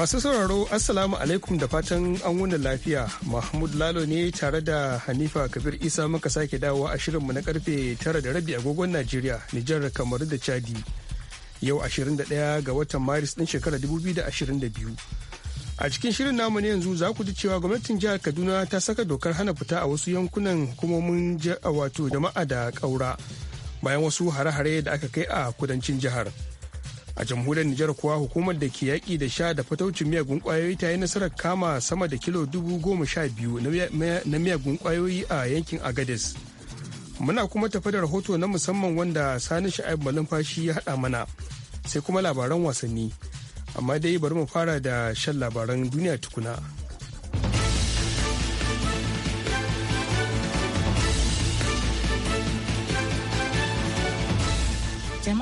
Masu sauraro Assalamu alaikum da fatan an wuni lafiya Mahmud Lalo ne tare da Hanifa Kabir Isa muka sake dawowa a shirinmu na karfe tara da rabi agogon Najeriya, Nijar, Kamaru da Chadi. Yau 21 ga watan Maris ɗin shekarar 2022. A cikin shirin namu ne yanzu za ku ji cewa gwamnatin jihar Kaduna ta saka dokar hana fita a wasu yankunan hukumomin wato jama'a da ƙaura bayan wasu hare-hare da aka kai a kudancin jihar. a jamhuriyar nijar kuwa hukumar da ke yaƙi da sha da fataucin miyagun ƙwayoyi ta yi nasarar kama sama da kilo dubu goma sha biyu na miyagun ƙwayoyi a yankin agades muna kuma tafi da rahoto na musamman wanda sani sha'ib malumfashi ya haɗa mana sai kuma labaran wasanni amma dai bari mu fara da shan labaran duniya tukuna.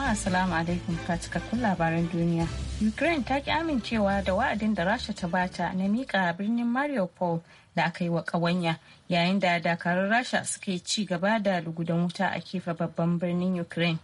Assalamu alaikum ka cikakkun labaran duniya. Ukraine ta ki amincewa da wa'adin da Rasha ta bata na miƙa birnin Mariupol da aka yi wa ƙawanya yayin da dakarun Rasha suke ci gaba da lugudan wuta a kifa babban birnin Ukraine.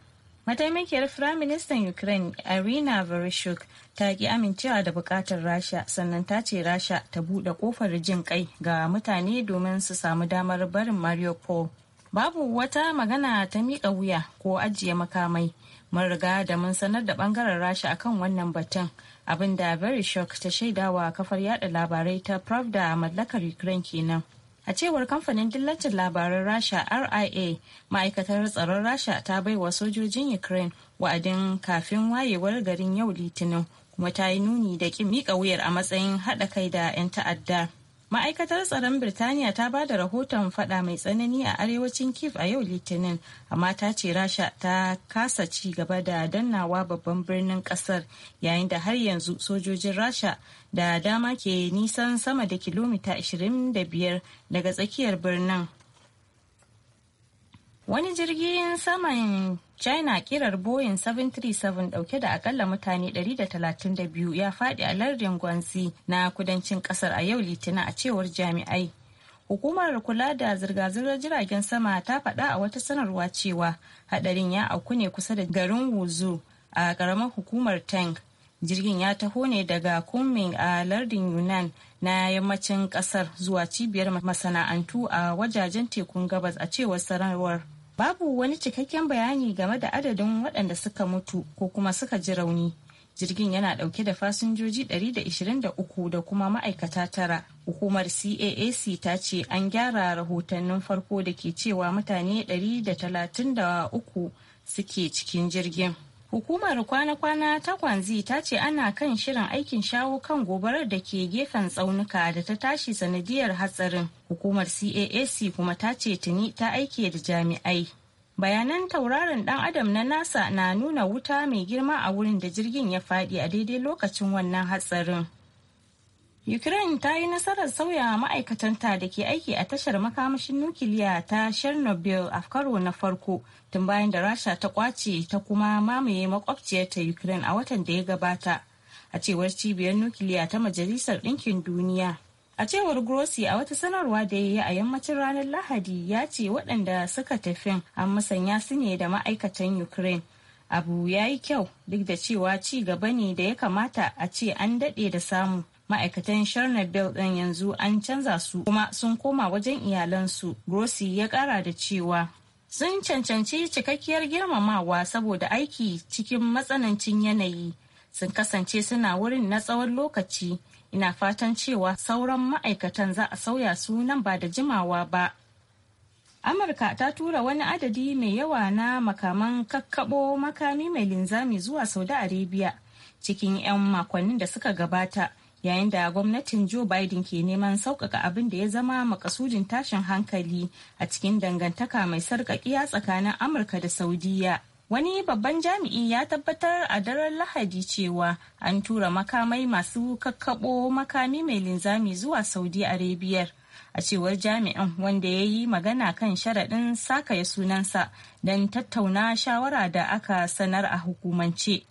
Mataimakiyar Firaministan Ukraine Irina Vereshchuk ta ki amincewa da bukatar Rasha sannan ta ce Rasha ta buɗe kofar jin kai ga mutane domin su samu damar barin Mariupol. Babu wata magana ta miƙa wuya ko ajiye makamai. mun riga da mun sanar da bangaren rasha akan wannan batun abin da Very shock ta shaidawa kafar yada labarai ta pravda a mallakar ukraine kenan a cewar kamfanin dillacin labaran rasha ria ma'aikatar tsaron rasha ta bai wa sojojin ukraine wa'adin kafin wayewar garin yau litinin kuma ta yi nuni da ƙin miƙa wuyar a matsayin haɗa kai da 'yan ta'adda ma'aikatar tsaron birtaniya ta ba da rahoton fada mai tsanani a arewacin kiev a yau litinin amma ta ce rasha ta kasa ci gaba da dannawa babban birnin kasar yayin da har yanzu sojojin rasha da dama ke nisan sama da kilomita 25 daga tsakiyar birnin Wani jirgin saman China kirar Boeing 737 dauke da akalla mutane 132 ya faɗi a lardin Guangxi na kudancin kasar a yau Litina a cewar jami'ai. Hukumar kula da zirga-zirgar jiragen sama ta faɗa a wata sanarwa cewa hadarin ya auku ne kusa da garin Wuzu a ƙaramar hukumar Tang. Jirgin ya taho ne daga Kunming a lardin Yunnan na yammacin ƙasar zuwa cibiyar masana'antu a wajajen tekun gabas a cewar sanarwar. babu wani cikakken bayani game da adadin waɗanda suka mutu ko kuma suka ji rauni jirgin yana ɗauke da fasinjoji 123 da kuma ma'aikata tara hukumar caac ta ce an gyara rahotannin farko da ke cewa mutane 133 suke cikin jirgin Hukumar kwana-kwana ta Kwanzi ta ce ana kan shirin aikin shawo kan gobarar da ke gefen tsaunuka da ta tashi sanadiyar hatsarin. Hukumar CAAC kuma ta ce tuni ta aike da jami'ai. Bayanan tauraron dan Adam na NASA na nuna wuta mai girma a wurin da jirgin ya faɗi a daidai lokacin wannan hatsarin. Ukraine ta yi nasarar sauya ma'aikatanta da ke aiki a tashar makamashin nukiliya ta Chernobyl a karo na farko tun bayan da Rasha ta kwace ta kuma mamaye makwabciyarta Ukraine a watan da ya gabata a cewar cibiyar nukiliya ta Majalisar Ɗinkin Duniya. A cewar Grossi a wata sanarwa da ya yi a yammacin ranar Lahadi ya ce waɗanda suka tafin an musanya su ne da ma'aikatan Ukraine. Abu ya yi kyau duk da cewa ci gaba ne da ya kamata a ce an daɗe da samu. ma'aikatan bil din yanzu an canza su kuma sun koma wajen iyalansu. Grossi ya kara da cewa sun cancanci cikakkiyar girmamawa saboda aiki cikin matsanancin yanayi. Sun kasance suna wurin na tsawon lokaci. Ina fatan cewa sauran ma'aikatan za a sauya su nan ba da jimawa ba. Amurka ta tura wani adadi mai yawa na makaman kakkaɓo makami mai linzami zuwa Saudi Arabia cikin 'yan makonnin da suka gabata. yayin da gwamnatin joe biden ke neman sauƙaƙa abin da ya zama makasudin tashin hankali a cikin dangantaka mai sarƙaƙiya tsakanin amurka da saudiya wani babban jami'i ya tabbatar a daren lahadi cewa an tura makamai masu kakkaɓo makami mai linzami zuwa saudi arabiyar a cewar jami'in wanda ya yi magana kan sharaɗin sakaya sunansa don tattauna shawara da aka sanar a hukumance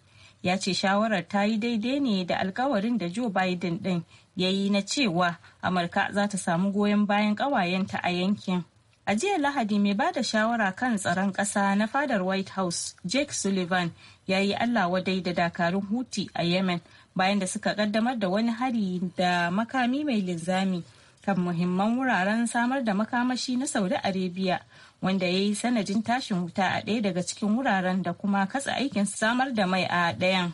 ya ce shawarar ta yi daidai ne da alkawarin da joe biden din ya yi na cewa amurka za ta samu goyon bayan ƙawayenta a yankin a jiya lahadi mai bada shawara kan tsaron ƙasa na fadar white house jake sullivan ya yi allah wadai da dakarun huti a yemen bayan da suka kaddamar da wani hari da makami mai linzami kan muhimman wuraren samar da makamashi na saudi arabia wanda ya yi sanadin tashin wuta a ɗaya daga cikin wuraren da kuma katsa aikin samar da mai a ɗayan.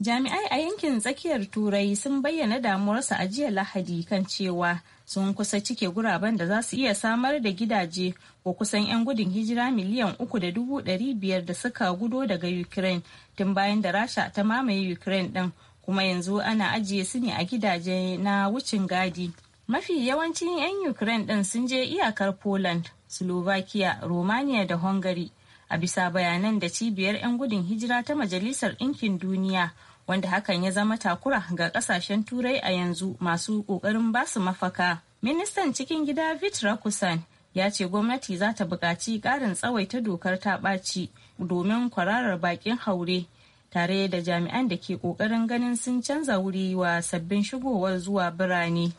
Jami'ai a yankin tsakiyar Turai sun bayyana damuwarsu a jiya Lahadi kan cewa sun kusa cike guraben da za su iya samar da gidaje ko kusan 'yan gudun hijira miliyan uku da dubu ɗari biyar da suka gudo daga Ukraine tun bayan da Rasha ta mamaye Ukraine ɗin kuma yanzu ana ajiye su ne a gidaje na wucin gadi. mafi yawancin 'yan ukraine din sun je iyakar poland slovakia romania da hungary a bisa bayanan da cibiyar 'yan gudun hijira ta majalisar ɗinkin duniya wanda hakan ya zama takura ga kasashen turai a yanzu masu ƙoƙarin basu mafaka ministan cikin gida vitra kusan ya ce gwamnati za ta buƙaci ƙarin tsawaita dokar ta ɓaci domin kwararar baƙin haure tare da jami'an da ke ƙoƙarin ganin sun canza wuri wa sabbin shigowar zuwa birane.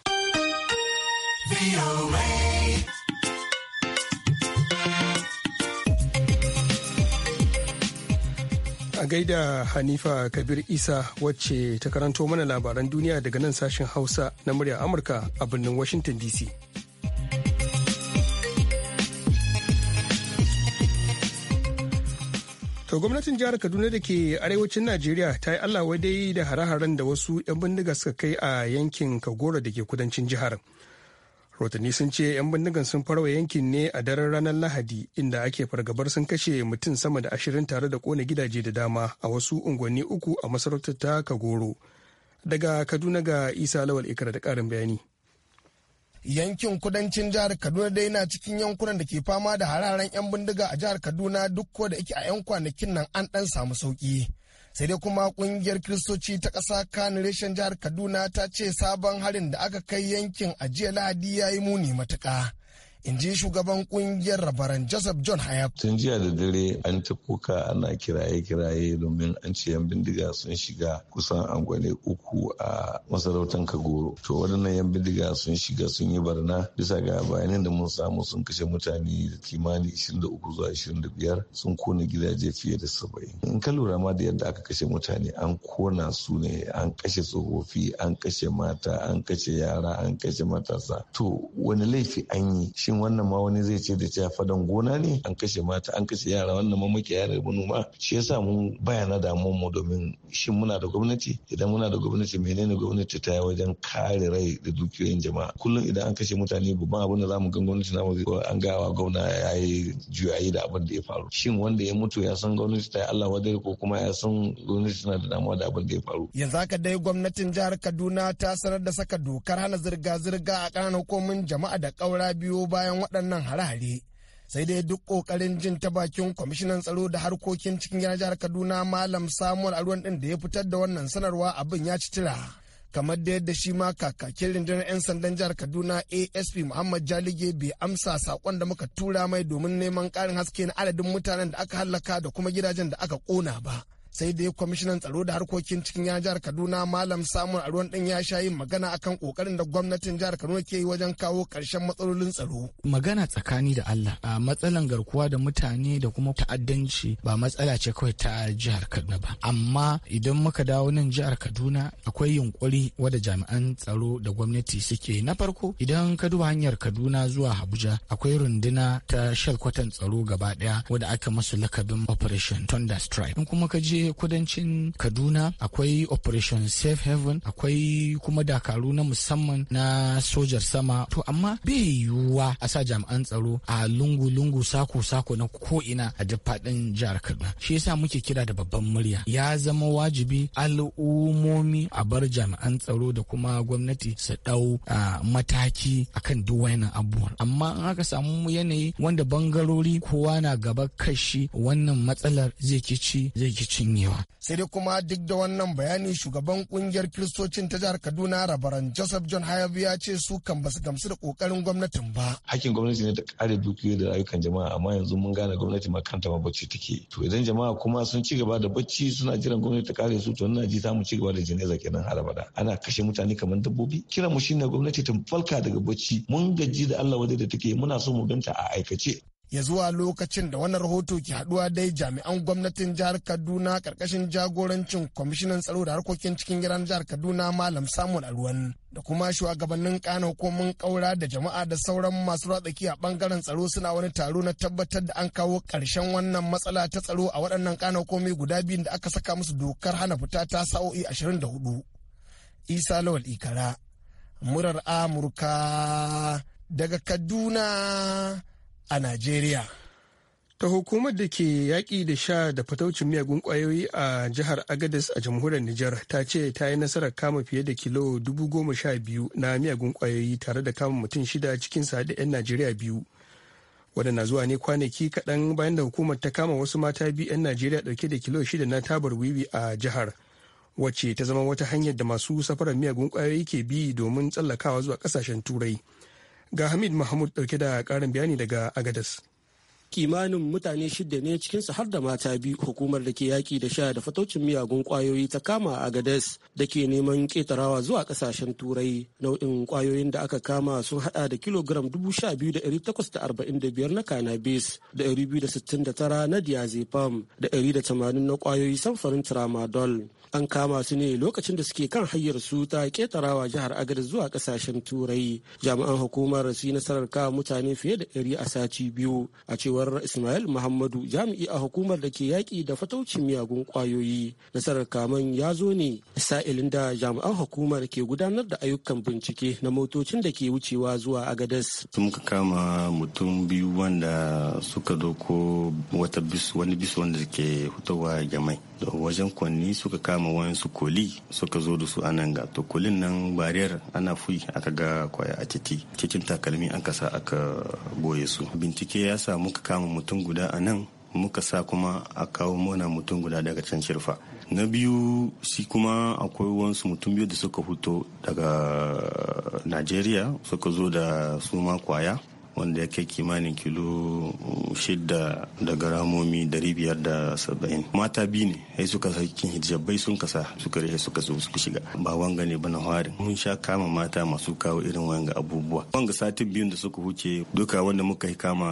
A gaida Hanifa Kabir Isa wacce ta karanto mana labaran duniya daga nan sashen Hausa na murya Amurka a birnin Washington DC. To gwamnatin jihar Kaduna da ke arewacin Najeriya ta yi Allah wadai da hare-haren da wasu 'yan bindiga suka kai a yankin Kagoro da ke kudancin jihar. Rotanni sun ce 'yan bindigan sun farwa yankin ne a daren ranar Lahadi inda ake fargabar sun kashe mutum sama da ashirin tare da kone gidaje da dama a wasu unguwanni uku a masarautar ta Kagoro. Daga Kaduna ga Isa Lawal ikara da karin bayani. yankin kudancin jihar kaduna dai na cikin yankunan da ke fama da hararen 'yan bindiga a jihar kaduna duk ko da yake a 'yan kwanakin nan an dan samu sauki sai dai kuma kungiyar kiristoci ta ƙasa kanireshen reshen jihar kaduna ta ce sabon harin da aka kai yankin a jiya lahadi ya yi muni matuƙa in ji shugaban kungiyar rabaran joseph john hayab tun jiya da dare an ta kuka ana kiraye-kiraye domin an ce yan bindiga sun shiga kusan angwane uku a masarautar kagoro to waɗannan yan bindiga sun shiga sun yi barna bisa ga bayanan da mun samu sun kashe mutane da kimani 23 zuwa 25 sun kone gidaje fiye da 70 in ka lura ma da yadda aka kashe mutane an kona su ne an kashe tsofaffi, an kashe mata an kashe yara an kashe matasa to wani laifi an yi shin wannan ma wani zai ce da cewa fadan gona ne an kashe mata an kashe yara wannan ma yara da manoma shi yasa mun bayana damuwar mu domin shin muna da gwamnati idan muna da gwamnati menene gwamnati ta yi wajen kare rai da dukiyoyin jama'a kullum idan an kashe mutane babban abin da zamu gan gwamnati n'a namu an ga wa gwamna ya yi juyayi da abin da ya faru shin wanda ya mutu ya san gwamnati ta yi Allah wadai ko kuma ya san gwamnati na da damuwa da abin da ya faru yanzu haka dai gwamnatin jihar Kaduna ta sanar da saka dokar hana zirga-zirga a ƙananan hukumomin jama'a da ƙaura biyo ba bayan waɗannan hare-hare sai dai duk ƙoƙarin jin ta bakin kwamishinan tsaro da harkokin cikin gidan jihar kaduna malam samuel aruwan ɗin da ya fitar da wannan sanarwa abin ya ci tira kamar da yadda shi ma kakakin rundunar 'yan sandan jihar kaduna asp muhammad jalige bai amsa sakon da muka tura mai domin neman ƙarin haske na adadin mutanen da aka hallaka da kuma gidajen da aka ƙona ba sai dai kwamishinan tsaro da harkokin cikin yan jihar kaduna malam samun aruwan din ya sha yin magana akan kokarin da gwamnatin jihar kaduna ke yi wajen kawo karshen matsalolin tsaro magana tsakani da allah a matsalan garkuwa da mutane da kuma ta'addanci ba matsala ce kawai ta jihar kaduna ba amma idan muka dawo nan jihar kaduna akwai yunkuri wada jami'an tsaro da gwamnati suke na farko idan ka duba hanyar kaduna zuwa abuja akwai runduna ta shalkwatan tsaro gaba daya wadda aka masu lakabin operation thunder strike in kuma ka je kudancin kaduna akwai operation safe haven akwai kuma dakaru na musamman na sojar sama to amma bai yiwuwa a sa jami'an tsaro a lungu-lungu sako-sako na ko'ina a duk jihar kaduna shi yasa muke kira da babban murya ya zama wajibi al'ummomi a bar jami'an tsaro da kuma gwamnati su ɗau mataki akan duk wayannan abubuwan amma in aka samu yanayi wanda bangarori kowa na gaba kashi wannan matsalar zai kici zai kicin binnewa. Sai dai kuma duk da wannan bayani shugaban kungiyar kiristocin ta jihar Kaduna rabaran Joseph John Hayabu ya ce su kan basu gamsu da kokarin gwamnatin ba. Hakkin gwamnati ne ta kare dukiyoyi da rayukan jama'a amma yanzu mun gane gwamnati ma kanta ma bacci take. To idan jama'a kuma sun ci gaba da bacci suna jiran gwamnati ta kare su to ina ji za mu ci gaba da jeneza kenan harabada. Ana kashe mutane kamar dabbobi. Kiran mu shine gwamnati ta falka daga bacci. Mun gaji da Allah wadai da take muna so mu ganta a aikace. ya zuwa lokacin da wani rahoto ke haduwa dai jami'an gwamnatin jihar kaduna karkashin jagorancin kwamishinan tsaro da harkokin cikin gidan jihar kaduna malam samun alwan da kuma shugabannin kana mun kaura da jama'a da sauran masu ratsaki a bangaren tsaro suna wani taro na tabbatar da an kawo karshen wannan matsala ta tsaro a waɗannan kana hukumomi guda biyun da aka saka musu dokar hana fita ta sa'o'i ashirin da hudu isa lawal ikara murar amurka daga kaduna a Najeriya. Ta hukumar da ke yaƙi da sha da fataucin miyagun ƙwayoyi a jihar Agadez a jamhuriyar Nijar ta ce ta yi nasarar kama fiye da kilo dubu sha biyu na miyagun ƙwayoyi tare da kama mutum shida cikin sa da 'yan Najeriya biyu. Waɗanda zuwa ne kwanaki kaɗan bayan da hukumar ta kama wasu mata biyu 'yan Najeriya ɗauke da kilo shida na tabar wiwi a jihar. Wacce ta zama wata hanyar da masu safarar miyagun ƙwayoyi ke bi domin tsallakawa zuwa ƙasashen Turai. Ga Hamid Mahmud ɗauke da ƙarin bayani daga Agadas. kimanin mutane shida ne cikinsu har da mata biyu hukumar da ke yaƙi da sha da fataucin miyagun ƙwayoyi ta kama a gades da ke neman ƙetarawa zuwa kasashen turai nau'in ƙwayoyin da aka kama sun hada da kilogram dubu sha biyu da ɗari takwas da arba'in da biyar na cannabis da ɗari biyu da sittin da tara na diazepam da ɗari da tamanin na ƙwayoyi samfarin tramadol an kama su ne lokacin da suke kan hanyar su ta ƙetarawa jihar Agades zuwa kasashen turai jami'an hukumar su yi nasarar kawo mutane fiye da ɗari a sati biyu a cewar cewar Ismail Muhammadu jami'i a hukumar da ke yaƙi da fataucin miyagun ƙwayoyi. Nasarar kaman ya zo ne sa'ilin da jami'an hukumar ke gudanar da ayyukan bincike na motocin da ke wucewa zuwa Agadas. Sun kama mutum biyu wanda suka doko wata bis wani bis wanda ke hutawa jama'a da wajen kwanni suka kama wayansu koli suka zo da su anan ga to kolin nan bariyar ana fui aka ga kwaya a titi cikin takalmi an kasa aka goye su bincike ya sa muka kama mutum guda a nan muka sa kuma a kawo mana mutum guda daga can shirfa na biyu shi kuma akwai wasu mutum biyu da suka fito daga najeriya suka zo da suma kwaya wanda ya kai kimanin kilo shida da garamomi dari biyar da saba'in mata biyu ne sai suka sakin hijabai sun kasa suka rage suka so suka shiga ba wanga ne bana harin mun sha kama mata masu kawo irin wanga abubuwa wanga satin biyun da suka huce duka wanda muka kai kama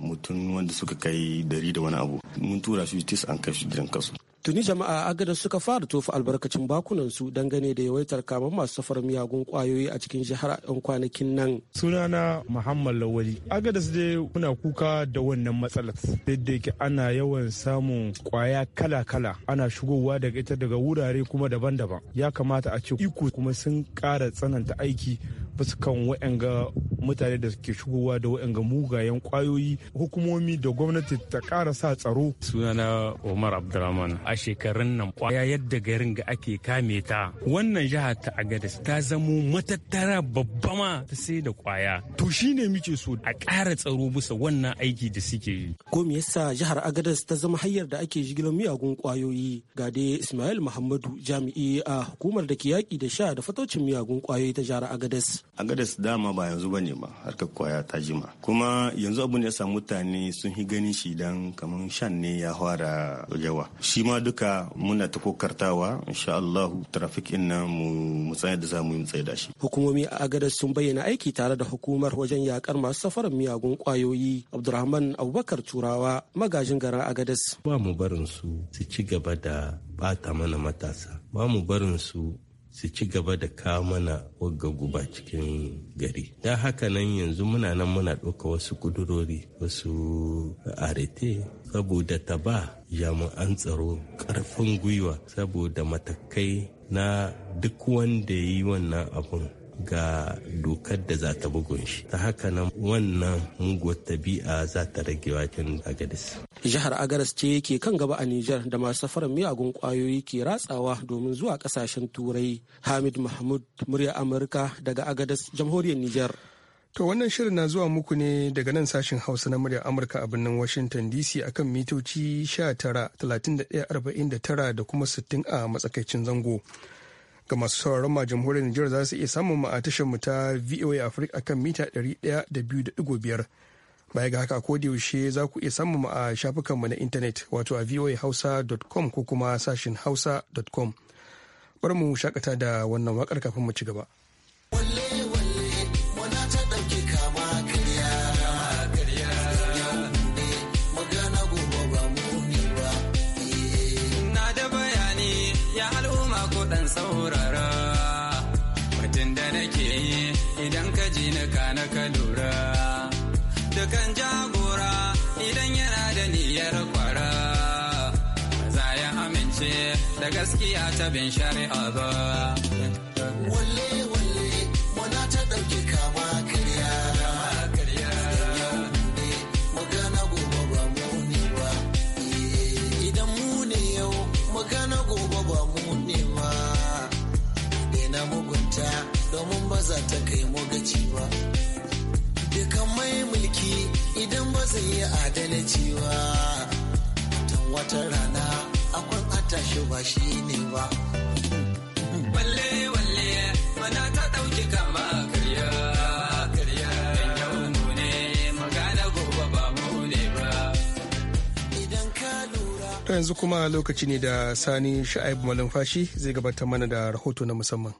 mutum wanda suka kai dari da wani abu mun tura shi tis an kashi jiran kasu Tuni jama'a agadar suka fara tofa albarkacin su dangane da yawaitar kamar masu safar miyagun kwayoyi a cikin jihar yan kwanakin nan. Sunana Muhammad Lawali. Agadas dai kuna kuka da wannan matsalar. Yadda yake ana yawan samun kwaya kala-kala ana shigowa daga ita daga wurare kuma daban-daban. Ya kamata a ce iko kuma sun ƙara tsananta aiki basu kan waɗanga mutane da ke shigowa da waɗanga mugayen kwayoyi hukumomi da gwamnati ta ƙara sa tsaro. sunana omar abdulrahman a shekarun nan kwaya yadda garin ga ake kame ta wannan jihar ta Agadas ta zamo matattara babba ma ta sai da kwaya to ne muke so a ƙara tsaro bisa wannan aiki da suke yi. ko me yasa jihar Agadas ta zama hanyar da ake jigilar miyagun kwayoyi ga dai ismail muhammadu jami'i a hukumar da ke yaƙi da sha da fatocin miyagun kwayoyi ta jihar Agadas. a gada su dama ba yanzu ba ne ba harkar kwaya ta jima kuma yanzu abin da ya samu mutane sun yi ganin shi dan kamar shan ne ya fara yawa shi ma duka muna ta kokartawa insha Allahu traffic din nan mu tsaya da zamu yi tsaya da shi hukumomi a gada sun bayyana aiki tare da hukumar wajen yakar masu safarar miyagun kwayoyi Abdulrahman Abubakar Turawa magajin garin Agadas ba mu barin su su ci gaba da bata mana matasa ba mu barin su su ci gaba da ka mana wagga guba cikin gari don haka nan yanzu muna nan muna ɗauka wasu kudurori wasu arete saboda ta ba jami'an tsaro ƙarfin gwiwa saboda matakai na duk wanda ya yi wannan abun ga dokar da za ta bugun shi ta haka nan wannan muguwar tabi'a za ta rage wakin agadis jihar agaras ce ke kan gaba a nijar da masu safarar miyagun kwayoyi ke ratsawa domin zuwa kasashen turai hamid mahmud murya amurka daga agadas jamhuriyar nijar To wannan shirin na zuwa muku ne daga nan sashen Hausa na murya Amurka a birnin Washington DC akan mitoci 19, 31, 49 da kuma 60 a matsakaicin zango. ga masu sauraron ma jamhuriyar Nijar za su iya samun mu a tashar mu ta VOA Africa akan mita 102.5 baya ga haka ko da yaushe za ku iya samun mu a shafukan mu na intanet wato a voahausa.com ko kuma sashin hausa.com bari mu shakata da wannan wakar kafin mu ci gaba. da gaskiya ta bin shari'a ba. Walle walle muna ta ɗauki kama karya. Magana gobe ba mu ne ba, na mugunta domin ba za ta kai mu ba. Dukan mai mulki idan ba zai yi adalci ba, tan wata rana ta shi ba shi ne ba. Walle walle mana ta ɗauki kama karya karya. yanzu kuma lokaci ne da sani sha'ib malumfashi zai gabatar mana da rahoto na musamman.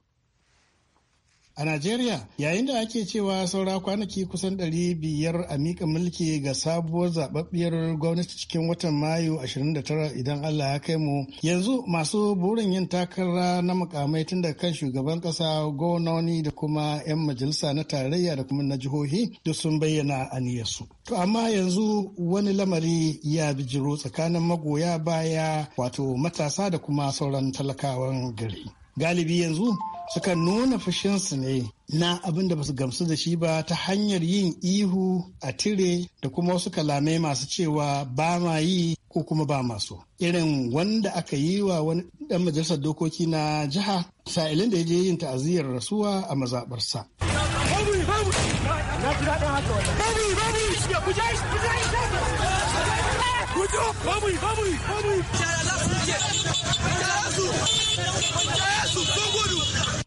A Najeriya, yayin da ake cewa saura kwanaki kusan ɗari biyar a miƙa mulki ga sabuwar zaɓaɓɓiyar gwamnati cikin watan Mayu 29 idan Allah ya kai mu, yanzu masu burin yin takara na mukamai tun da kan shugaban ƙasa gononi da kuma 'yan majalisa na tarayya da kuma na jihohi duk sun bayyana aniyarsu. To amma yanzu wani lamari ya bijiro tsakanin magoya baya wato matasa da kuma sauran talakawan gari. galibi yanzu sukan nuna fushinsu ne na abin da basu gamsu da shi ba ta hanyar yin ihu a tire da kuma wasu kalamai masu cewa ba ma yi ko kuma ba masu irin wanda aka yi wa wani dan majalisar dokoki na jiha sa'ilin da ya je yin ta'aziyar rasuwa a mazaɓarsa. Vamos, vamos, vamos.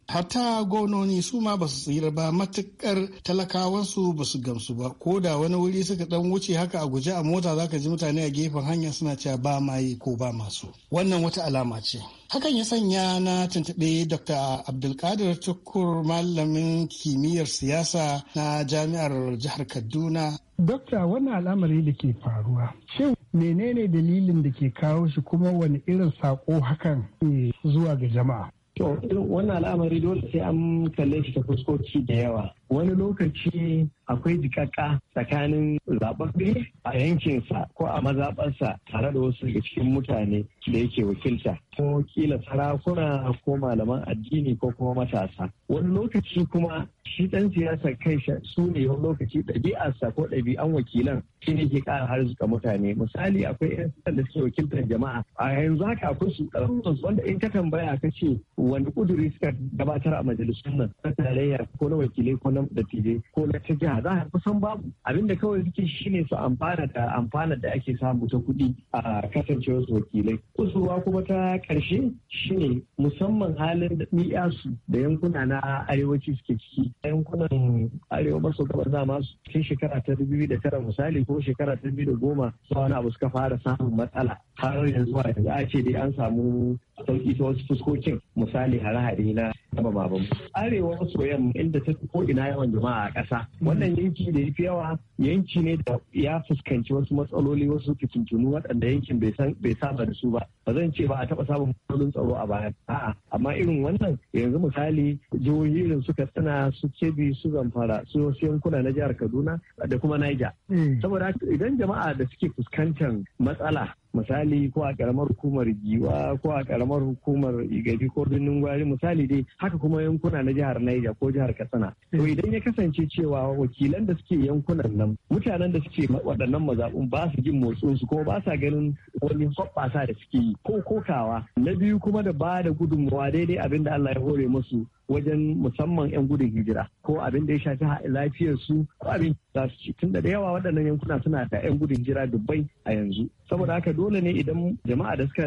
Hatta gononi su ma ba su tsira ba matukar talakawansu ba su gamsu ba ko da wani wuri suka dan wuce haka a guje a mota zaka ji mutane a gefen hanyar suna cewa ba maye ko ba masu wannan wata alama ce hakan ya sanya na tuntube dr abdulkadir tukur malamin kimiyyar siyasa na jami'ar jihar kaduna Dokta wannan al'amari da ke faruwa, shin menene dalilin da ke kawo shi kuma wani irin saƙo hakan zuwa ga jama'a? To, wannan al'amari dole sai an kalle shi ta fuskoki da yawa. Wani lokaci akwai jikakka tsakanin zaɓaɓɓe a yankinsa ko a mazaɓarsa tare da wasu daga cikin mutane da yake wakilta. Ko kila sarakuna ko malaman addini ko kuma matasa. Wani lokaci kuma shi ɗan siyasa kai su ne wani lokaci ɗabi'arsa ko ɗabi'an wakilan shi ne ke ƙara harzuka mutane. Misali akwai 'yan da suke wakiltar jama'a. A yanzu haka akwai su wanda in ka tambaya ka ce wani kuduri suka gabatar a majalisun nan na tarayya ko na wakilai ko na dattijai ko na ta jiha za a kusan babu abin da kawai suke shine su amfana da amfana da ake samu ta kuɗi a kasancewar su wakilai kusurwa kuma ta ƙarshe shine musamman halin da miyasu da yankuna na arewaci suke ciki yankunan arewa maso gabas dama masu kai shekara ta dubu da tara misali ko shekara ta dubu da goma su wani abu suka fara samun matsala har yanzu a yanzu a ce dai an samu sauki ta wasu fuskokin misali hare-hare na ba baban arewa maso yamma inda ta ko ina yawan jama'a a ƙasa wannan yanki da yafi yawa yanki ne da ya fuskanci wasu matsaloli wasu fitintunu waɗanda yankin bai saba da su ba ba zan ce ba a taɓa samun matsalolin tsaro a baya a'a amma irin wannan yanzu misali jihohi irin su katsina su kebbi su zamfara su wasu yankuna na jihar kaduna da kuma niger hmm. saboda idan jama'a da suke fuskantar matsala misali ko a karamar hukumar giwa ko a karamar hukumar igabi ko birnin gwari misali dai haka kuma yankuna na jihar Niger ko jihar Katsina to idan ya kasance cewa wakilan da suke yankunan nan mutanen da suke waɗannan mazaɓun ba su jin motsin su ko ba sa ganin wani hoɓɓasa da suke yi ko kokawa na biyu kuma da ba da gudunmawa daidai abin da Allah ya hore musu wajen musamman 'yan gudun hijira ko abin da ya shafi su ko abin za su ci tunda da yawa waɗannan yankuna suna da 'yan gudun hijira dubbai a yanzu saboda haka dole ne idan jama'a da suka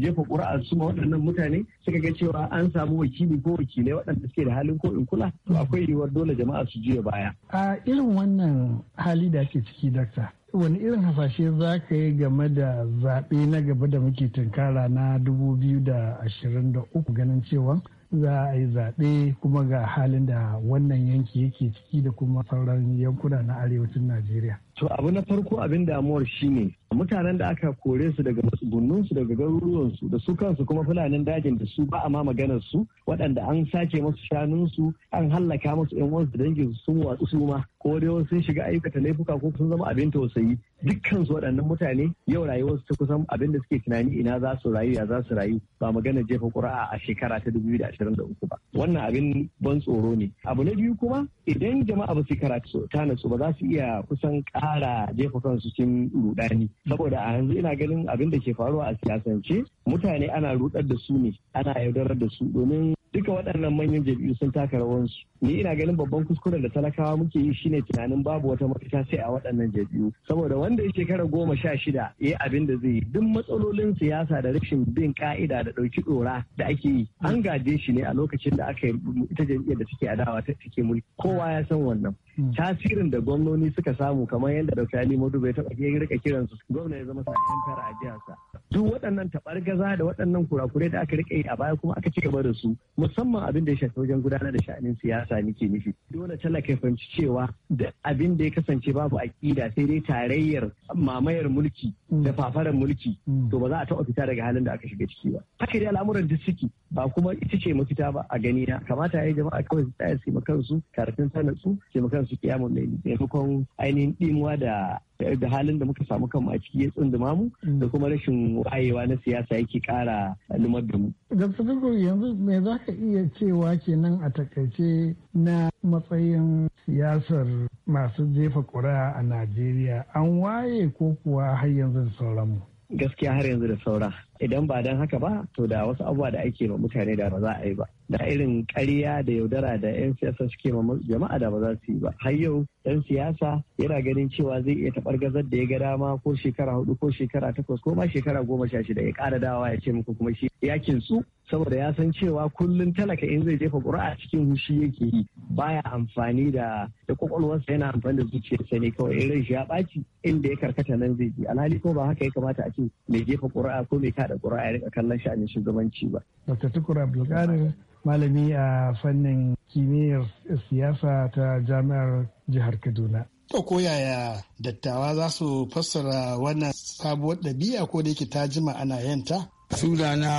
jefa ƙuri'ar su ma waɗannan mutane suka ga cewa an samu wakili ko wakilai waɗanda suke da halin ko in kula to akwai yiwuwar dole jama'a su juya baya. a irin wannan hali da ake ciki dakta wani irin hasashe za ka yi game da zaɓe na gaba da muke tunkara na 2023 ganin cewa za a yi zaɓe kuma ga halin da wannan yanki yake ciki da kuma sauran yankuna na arewacin najeriya To abu na farko abin damuwar shi ne mutanen da aka kore su daga matsugunnin su daga garuruwan su da su kansu kuma fulanin dajin da su ba a ma maganar su waɗanda an sake musu shanun su an hallaka musu yan wasu dangin su sun watsu su ma ko dai wasu sun shiga aikata laifuka ko sun zama abin tausayi dukkan su waɗannan mutane yau rayuwar su ta kusan abin da suke tunani ina za su rayu ya za su rayu ba magana jefa ƙuri'a a shekara ta 2023 ba wannan abin ban tsoro ne abu na biyu kuma idan jama'a ba su karatu ta nasu, ba za su iya kusan ƙara jefa kansu cikin rudani saboda a yanzu ina ganin abin da ke faruwa a siyasance mutane ana rudar da su ne ana yaudarar da su domin duka waɗannan manyan jam'iyyu sun taka rawansu ni ina ganin babban kuskuren da talakawa muke yi shine tunanin babu wata mafita sai a waɗannan jam'iyyu saboda wanda ya shekara goma sha shida ya yi abin da zai yi duk matsalolin siyasa da rashin bin ka'ida da ɗauki ɗora da ake yi an gaje shi ne a lokacin da aka yi ita jam'iyyar da take adawa ta take mulki kowa ya san wannan tasirin da gwamnoni suka samu kamar yadda da Ali Madu ya taɓa ya rika kiran su gwamna ya zama sa'an tara a sa duk waɗannan taɓargaza da waɗannan kurakurai da aka rika a baya kuma aka ci gaba da su musamman abin da ya shafi wajen gudanar da sha'anin siyasa nake nufi dole tana kai fahimci cewa da abin da ya kasance babu aƙida sai dai tarayyar mamayar mulki da fafaran mulki to ba za a taɓa fita daga halin da aka shiga ciki ba haka dai al'amuran duk suke ba kuma ita ce mafita ba a gani na kamata ya yi jama'a kawai su tsaya su kansu karatun sanar su kansu kiyamun laili maimakon ainihin ɗimuwa da da halin da muka samu kanmu a ciki ya tsunduma mu da kuma rashin wayewa na siyasa yake kara lumar da mu. Gamsu yanzu me za ka iya cewa kenan a takaice na matsayin siyasar masu jefa ƙuri'a a Najeriya an waye ko kuwa har yanzu da sauranmu. Gaskiya har yanzu da saura. Idan ba don haka ba, to da wasu abubuwa da ake ma mutane da ba za a yi ba. Da irin ƙarya da yaudara da 'yan siyasa suke ma jama'a da ba za su yi ba. Har yau ɗan siyasa yana ganin cewa zai iya taɓar gazar da ya ga dama ko shekara hudu ko shekara takwas ko ma shekara goma sha shida ya ƙara dawa ya ce muku kuma shi yakin su saboda ya san cewa kullum talaka in zai jefa ƙura'a cikin hushi yake yi baya amfani da da kwakwalwarsa yana amfani da zuciyarsa ne kawai irin shi ya ɓaci inda ya karkata nan zai ji alhali ko ba haka ya kamata a ce mai jefa ƙura'a ko mai kada ƙura'a ya rika kallon shi a ne shugabanci ba. Dr. Tukur Abdulkadir malami a fannin kimiyyar siyasa ta jami'ar jihar Kaduna. To ko yaya dattawa za su fassara wannan sabuwar ɗabi'a ko da yake ta jima ana yanta sunana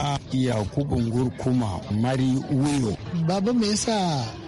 yakubun gurkuma mari wuyo baba me yasa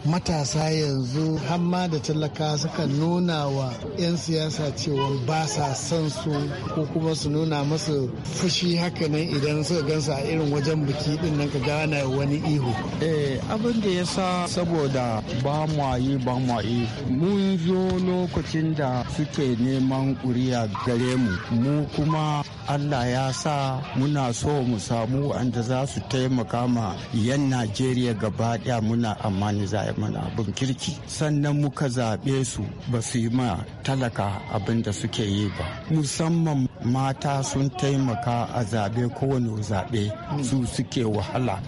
matasa yanzu hamma da talaka suka nuna wa 'yan siyasa cewa ba sa son su ko kuma su nuna masu fushi nan idan suka gansa a irin wajen biki din nan ka gana wani ihu eh abin da ya sa saboda ba mu yi ba mu yi mun zo lokacin da suke neman ƙuri'a gare mu mu kuma allah ya sa muna so mu samu wanda za su taimaka ma yan najeriya gaba daya muna amma ni za mana abin kirki sannan muka zaɓe su ba su yi ma talaka abin da suke yi ba musamman mata sun taimaka a zaɓe kowane zaɓe su suke wahala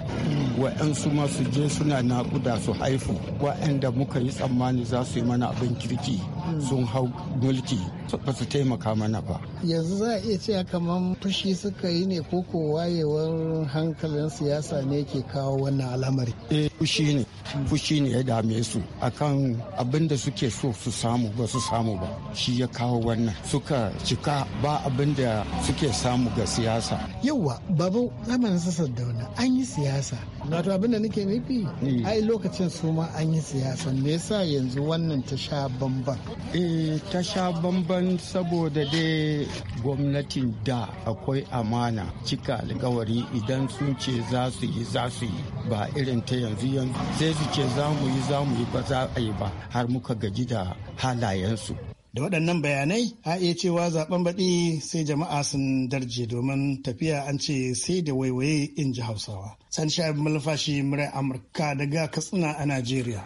wa'yansu masu je suna naƙuda su haifu wa'yanda muka yi tsammani za su yi mana abin kirki sun hau mulki ba su taimaka mana ba yanzu za a iya cewa kamar fushi suka yi ne ko wayewar hankalin siyasa ne ke kawo wannan al'amari eh fushi ne fushi ne ya dame su akan abin da suke so su samu ba su samu ba shi ya kawo wannan suka cika ba abin da suke samu ga siyasa yauwa babu zamanin sassan dauna an yi siyasa wato abinda nake nufi eh. ai lokacin su ma an yi siyasa me yasa yanzu wannan ta sha bamban eh ta sha bamban saboda dai gwamnatin da akwai amana cika alkawari idan sun ce za su yi za su yi ba irin ta yanzu yanzu sai su ce za mu yi za mu yi ba za a yi ba har muka gaji da halayen su. da waɗannan bayanai a iya cewa zaben baɗi sai jama'a sun darje domin tafiya an ce sai da waiwaye in ji hausawa san sha'ib malfashi murai amurka daga katsina a najeriya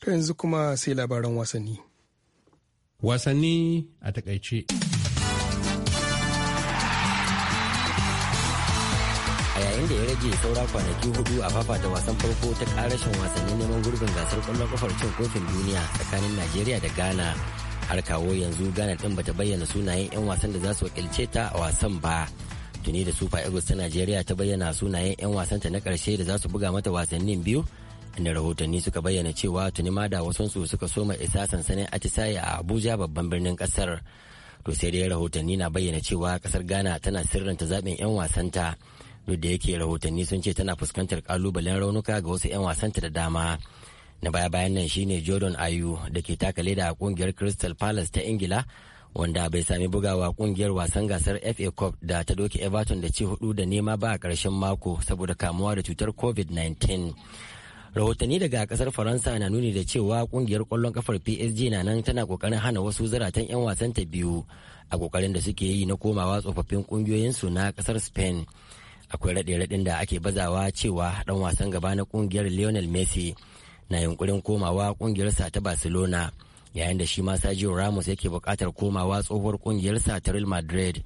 to yanzu kuma sai labaran wasanni wasanni a takaice yayin da ya rage saura kwanaki hudu a fafa da wasan farko ta karashin wasanni neman gurbin gasar kwallon kafar cin kofin duniya tsakanin najeriya da ghana har kawo yanzu ghana din bata bayyana sunayen 'yan wasan da za su wakilce ta a wasan ba tuni da super eagles ta nigeria ta bayyana sunayen 'yan wasanta na karshe da za su buga mata wasannin biyu inda rahotanni suka bayyana cewa tuni ma da wasansu suka soma isa sansanin atisaye a abuja babban birnin kasar to sai dai rahotanni na bayyana cewa kasar ghana tana sirranta zaɓin 'yan wasanta duk da yake rahotanni sun ce tana fuskantar kalubalen raunuka ga wasu 'yan wasanta da dama na baya-bayan nan shine jordan ayu da ke taka leda a kungiyar crystal palace ta ingila wanda bai sami bugawa kungiyar wasan gasar fa cup da ta doke everton da ci hudu da nema ba a karshen mako saboda kamuwa da cutar covid-19 rahotanni daga kasar faransa na nuni da cewa kungiyar kwallon kafar psg na nan tana kokarin hana wasu zaratan 'yan wasan ta biyu a kokarin da suke yi na komawa tsofaffin kungiyoyinsu na kasar spain akwai raɗe-raɗin da ake bazawa cewa ɗan wasan gaba na kungiyar lionel messi na yunkurin komawa kungiyarsa ta barcelona yayin da shi ma Sergio Ramos yake bukatar komawa tsohuwar ƙungiyarsa ta Real Madrid.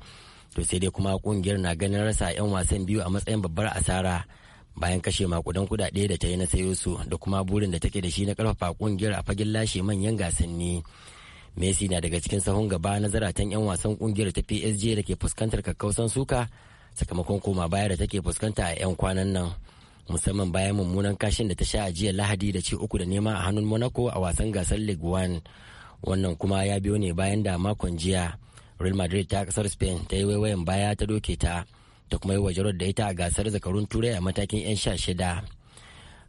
To sai dai kuma ƙungiyar na ganin rasa 'yan wasan biyu a matsayin babbar asara bayan kashe makudan kudade da ta yi na sayo su da kuma burin da take da shi na karfafa kungiyar a fagen lashe manyan gasanni. Messi na daga cikin sahun gaba na zaratan 'yan wasan ƙungiyar ta PSG da ke fuskantar kakkausan suka sakamakon koma baya da take fuskanta a 'yan kwanan nan. musamman bayan mummunan kashin da ta sha a jiya lahadi da ci uku da nema a hannun monaco a wasan gasar league one wannan kuma ya biyo ne bayan da makon jiya real madrid ta kasar spain ta yi waiwayin baya ta doke ta ta kuma yi wa jarod da ita a gasar zakarun turai a matakin 'yan sha shida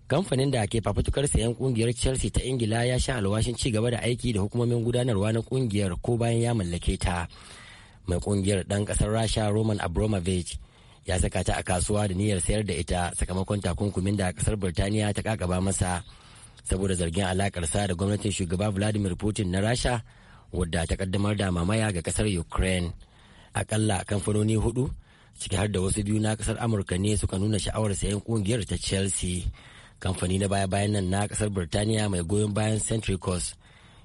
kamfanin da ke fafutukar sayan kungiyar chelsea ta ingila ya sha alwashin ci gaba da aiki da hukumomin gudanarwa na kungiyar ko bayan ya mallake ta mai kungiyar dan kasar rasha roman abramovich ya saka ta a kasuwa da niyyar sayar da ita sakamakon takunkumin da kasar burtaniya ta kakaba masa saboda zargin alakarsa da gwamnatin shugaba Vladimir Putin na Rasha wadda ta kaddamar da mamaya ga kasar Ukraine. Akalla kamfanoni hudu ciki har da wasu biyu na kasar Amurka ne suka nuna sha'awar sayan kungiyar ta Chelsea. Kamfani na baya-bayan nan na kasar burtaniya mai goyon bayan Centricos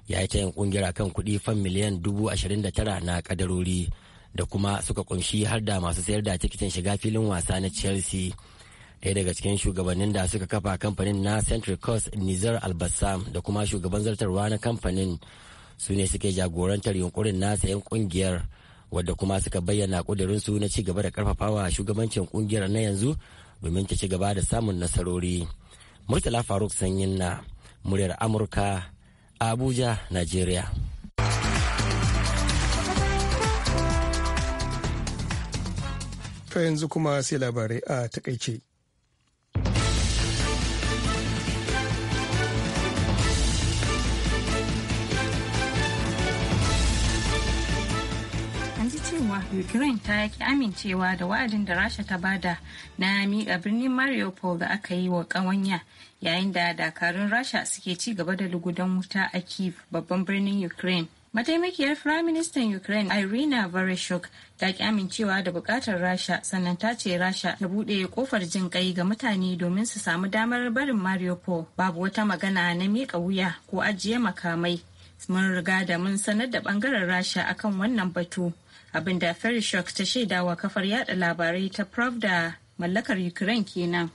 ya yi ta yin kungiyar akan kuɗi fan miliyan dubu ashirin da tara na kadarori. da kuma suka kunshi har da masu sayar da tikitin shiga filin wasa na chelsea ɗaya daga cikin shugabannin da suka kafa kamfanin na central coast nizar albassam da kuma shugaban zartarwa na kamfanin su ne suke jagorantar yunkurin na sayan kungiyar wadda kuma suka bayyana kudurinsu na ci gaba da karfafawa shugabancin kungiyar na yanzu domin ta ci gaba da samun nasarori murtala faruk sanyin na muryar amurka abuja nigeria To yanzu kuma sai labarai a takaice. cewa ukraine ta yi amincewa da wa'adin da rasha ta bada na miƙa birnin mariupol da aka yi wa ƙawanya yayin da dakarun rasha suke ci gaba da lugudan wuta a kiev babban birnin ukraine Mataimakiyar Firaministan Ukraine Irina Vereshchuk ta ki amincewa da bukatar Rasha sannan ta ce Rasha ta buɗe kofar jin kai ga mutane domin su samu damar barin Mariupol babu wata magana na miƙa wuya ko ajiye makamai. Mun riga da mun sanar da bangaren Rasha akan wannan batu abinda Vereshchuk ta shaidawa kafar yada labarai ta Pravda mallakar Ukraine kenan.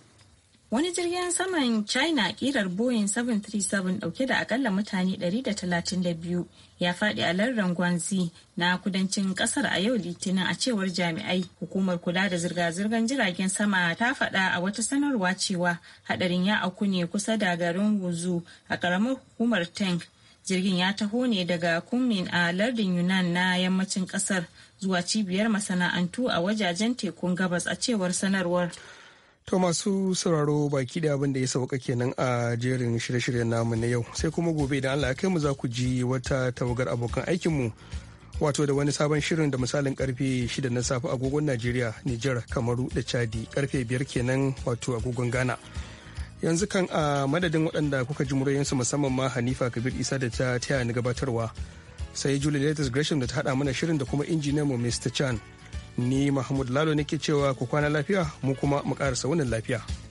Wani jirgin saman China kirar Boeing 737 dauke da akalla mutane 132 ya fadi a lardin Guangxi na kudancin kasar a yau litinin a cewar jami'ai. Hukumar kula da zirga-zirgar jiragen sama ta fada a wata sanarwa cewa hadarin ya auku ne kusa da garin Wuzu a karamar hukumar Tank. Jirgin ya taho ne daga Kunmin a lardin Yunnan na yammacin kasar zuwa cibiyar masana'antu a wajajen tekun gabas a cewar sanarwar. To masu sauraro baki da abin da ya sauka kenan a jerin shirye-shiryen namu na yau sai kuma gobe idan Allah kai mu za ku ji wata tawagar abokan aikinmu wato da wani sabon shirin da misalin karfe 6 na safe agogon Najeriya, Nijar, Kamaru da Chadi karfe 5 kenan wato agogon Ghana. Yanzu kan a madadin waɗanda kuka ji murayensu musamman ma Hanifa Kabir Isa da ta taya ni gabatarwa. Sai Julie Latest Gresham da ta haɗa mana shirin da kuma injiniyanmu Mr. Chan. ni mahmud lalo nake cewa ku kwana lafiya mu kuma mu karasa wannan lafiya